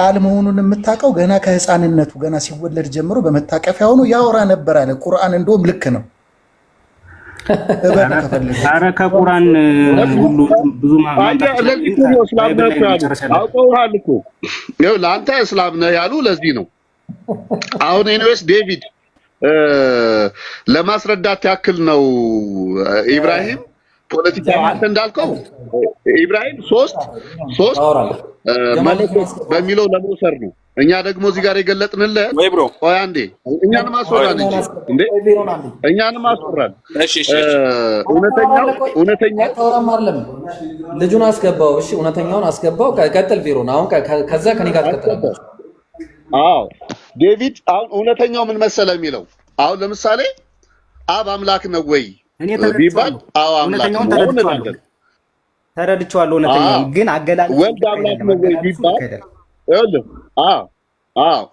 ቃል መሆኑን የምታውቀው ገና ከህፃንነቱ ገና ሲወለድ ጀምሮ በመታቀፊያ ሆኖ ያወራ ነበር አለ ቁርአን። እንደውም ልክ ነው። ኧረ ከቁርአን ሁሉ ብዙ አውቀውሃል እኮ ለአንተ እስላም ነህ ያሉ ለዚህ ነው። አሁን ዴቪድ ለማስረዳት ያክል ነው ኢብራሂም ፖለቲካ አንተ እንዳልከው ኢብራሂም ሶስት ሶስት በሚለው ለመውሰድ ነው። እኛ ደግሞ እዚህ ጋር የገለጥንለት ቆይ አንዴ እኛንም አስወራን እንጂ እንዴ እኛንም አስወራን። እውነተኛው ልጁን አስገባው። እሺ እውነተኛውን አስገባው። ቀጥል ቢሮን አሁን ከዛ ከኔ ጋር ትቀጥላለህ። አዎ ዴቪድ አሁን እውነተኛው ምን መሰለ የሚለው አሁን ለምሳሌ አብ አምላክ ነው ወይ እኔ ተረድቼዋለሁ። እውነተኛውን ግን አገላለጽ ወልድ አምላክ ነው ወይ ቢባል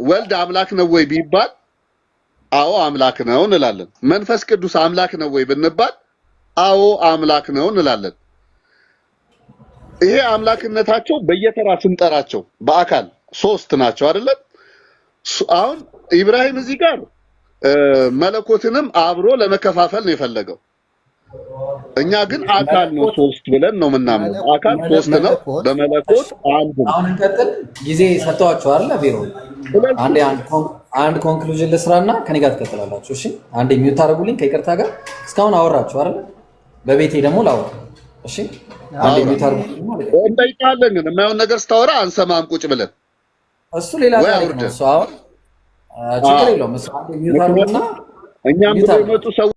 ወልድ አምላክ ነው ወይ ቢባል አዎ አምላክ ነው እንላለን። መንፈስ ቅዱስ አምላክ ነው ወይ ብንባል አዎ አምላክ ነው እንላለን። ይሄ አምላክነታቸው በየተራ ስንጠራቸው በአካል ሶስት ናቸው አይደለም። አሁን ኢብራሂም እዚህ ጋር መለኮትንም አብሮ ለመከፋፈል ነው የፈለገው። እኛ ግን አካል ነው ሶስት ብለን ነው የምናምነው። አካል ሶስት ነው፣ በመለኮት አንድ ነው። አሁን እንቀጥል። ጊዜ ሰጥተዋችሁ አለ ቢሮ አንድ ኮንክሉዥን ልስራና ከኔ ጋር ትቀጥላላችሁ። እሺ አንድ የሚታረጉልኝ ከይቅርታ ጋር እስካሁን አወራችሁ አይደለ? በቤቴ ደግሞ ላወራ። እሺ አንድ የሚታረጉልኝ ማለት ነው። እንጠይቃለን፣ ግን የማይሆን ነገር ስታወራ አንሰማም ቁጭ ብለን። እሱ ሌላ ታሪክ ነው። እሱ አሁን ችግር የለውም። እሱ አንድ የሚታረጉና እኛም ብሎ የመጡ ሰው